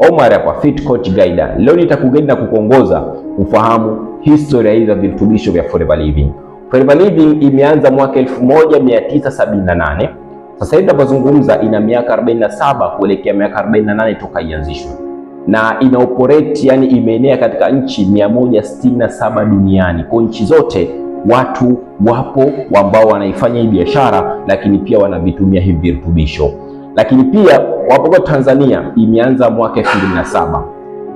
Omar hapa Fit Coach Guide. Leo nitakuguide na kukuongoza kufahamu historia hii za virutubisho vya Forever Living. Forever Living imeanza mwaka 1978. Sasa hivi tunapozungumza ina miaka 47 kuelekea miaka 48 toka ianzishwe na ina operate, yani imeenea katika nchi 167 duniani, kwa nchi zote watu wapo ambao wanaifanya hii biashara, lakini pia wanavitumia hivi virutubisho. Lakini pia wapokuwa Tanzania imeanza mwaka 2007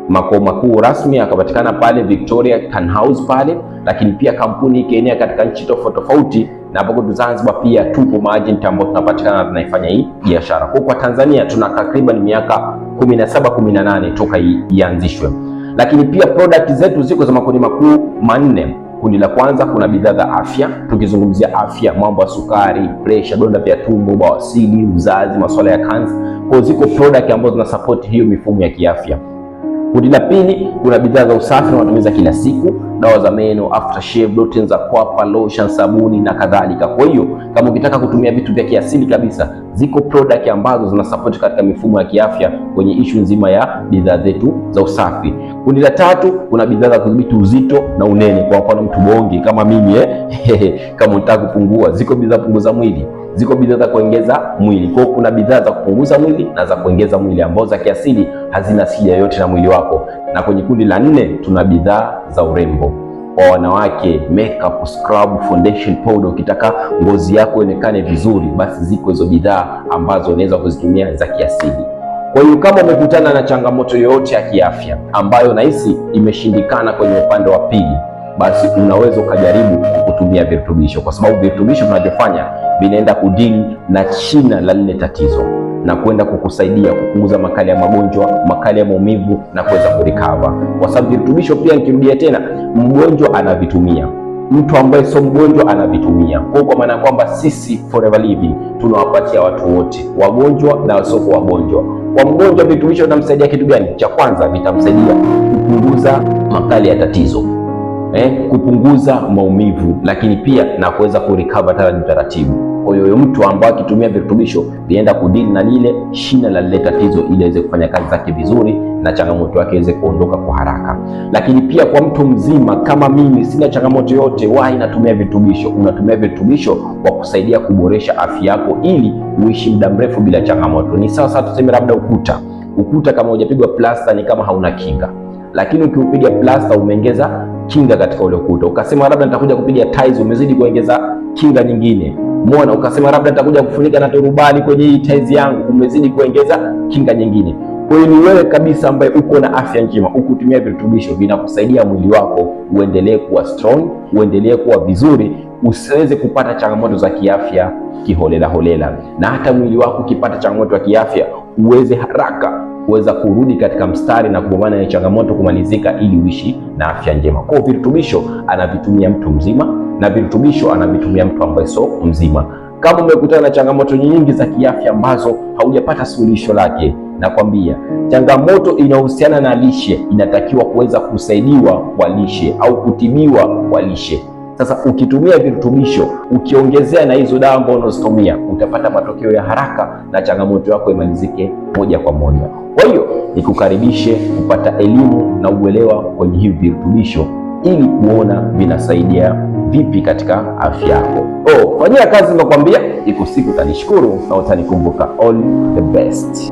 makao makuu rasmi akapatikana pale Victoria Can House pale, lakini pia kampuni ikienea katika nchi tofauti tofauti, na hapo Zanzibar pia tupo maji ambao tunapatikana tunaifanya hii biashara. Kwa kwa Tanzania tuna takriban miaka 17 18 toka ianzishwe, lakini pia product zetu ziko za makundi makuu manne Kundi la kwanza kuna bidhaa za afya. Tukizungumzia afya, mambo ya sukari, presha, donda vya tumbo, bawasiri, uzazi, masuala ya kansa. Kwa ziko product ambazo zina support hiyo mifumo ya kiafya. Kundi la pili kuna bidhaa za usafi na matumizi ya kila siku, dawa za meno, aftershave, lotion za kwapa, lotion, sabuni na kadhalika. Kwa hiyo kama ukitaka kutumia vitu vya kiasili kabisa, ziko product ambazo zina support katika mifumo ya kiafya kwenye issue nzima ya bidhaa zetu za usafi. Kundi la tatu, kuna bidhaa za kudhibiti uzito na unene, kwa mfano mtu bonge kama mimi eh, kama unataka kupungua, ziko bidhaa punguza mwili, ziko bidhaa za kuongeza mwili. Kwa kuna bidhaa za kupunguza mwili na za kuongeza mwili ambazo za kiasili hazina sija yote na mwili wako. Na kwenye kundi la nne, tuna bidhaa za urembo kwa wanawake makeup, scrub, foundation, powder. Ukitaka ngozi yako ionekane vizuri, basi ziko hizo bidhaa ambazo unaweza kuzitumia za kiasili. Kwa hiyo kama umekutana na changamoto yoyote ya kiafya ambayo nahisi imeshindikana kwenye upande wa pili, basi unaweza ukajaribu kutumia virutubisho, kwa sababu virutubisho vinavyofanya vinaenda kudili na china la lile tatizo na kwenda kukusaidia kupunguza makali ya magonjwa, makali ya maumivu na kuweza kurikava, kwa sababu virutubisho pia, nikirudia tena, mgonjwa anavitumia mtu ambaye sio mgonjwa anavitumia. Kwa kwa maana kwamba sisi Forever Living tunawapatia watu wote, wagonjwa na wasio wagonjwa kwa mgonjwa virutubisho vitamsaidia kitu gani? Cha kwanza vitamsaidia kupunguza makali ya tatizo eh, kupunguza maumivu, lakini pia na kuweza kurecover taratibu taratibu. Kwa hiyo mtu ambaye akitumia virutubisho vienda kudili na lile shina la lile tatizo, ili aweze kufanya kazi zake vizuri na changamoto yake iweze kuondoka kwa haraka. Lakini pia kwa mtu mzima kama mimi, sina changamoto yote, wahi natumia virutubisho. Unatumia virutubisho kwa kusaidia kuboresha afya yako ili uishi muda mrefu bila changamoto. Ni sawa, tuseme labda ukuta, ukuta kama hujapigwa plasta ni kama hauna kinga, lakini ukiupiga plasta umeongeza kinga katika ule ukuta. Ukasema labda nitakuja kupiga tiles, umezidi kuongeza kinga nyingine. Umeona, ukasema labda nitakuja kufunika na turubani kwenye hii taizi yangu, umezidi kuongeza kinga nyingine. Kwa hiyo ni wewe kabisa ambaye uko na afya njema, ukutumia virutubisho vinakusaidia mwili wako uendelee kuwa strong, uendelee kuwa vizuri, usiweze kupata changamoto za kiafya kiholela holela, na hata mwili wako ukipata changamoto ya kiafya uweze haraka kuweza kurudi katika mstari na kupambana na changamoto kumalizika, ili uishi na afya njema. Kwa virutubisho anavitumia mtu mzima na virutubisho anavitumia mtu ambaye sio mzima. Kama umekutana na changamoto nyingi za kiafya ambazo haujapata suluhisho lake, nakwambia changamoto inayohusiana na lishe inatakiwa kuweza kusaidiwa kwa lishe au kutibiwa kwa lishe. Sasa ukitumia virutubisho ukiongezea na hizo dawa ambazo unazitumia utapata matokeo ya haraka na changamoto yako imalizike moja kwa moja. Kwa hiyo nikukaribishe kupata elimu na uelewa kwenye hivi virutubisho ili kuona vinasaidia vipi katika afya yako. Oh, fanyia kazi nakwambia, iko siku utanishukuru na utanikumbuka. All the best.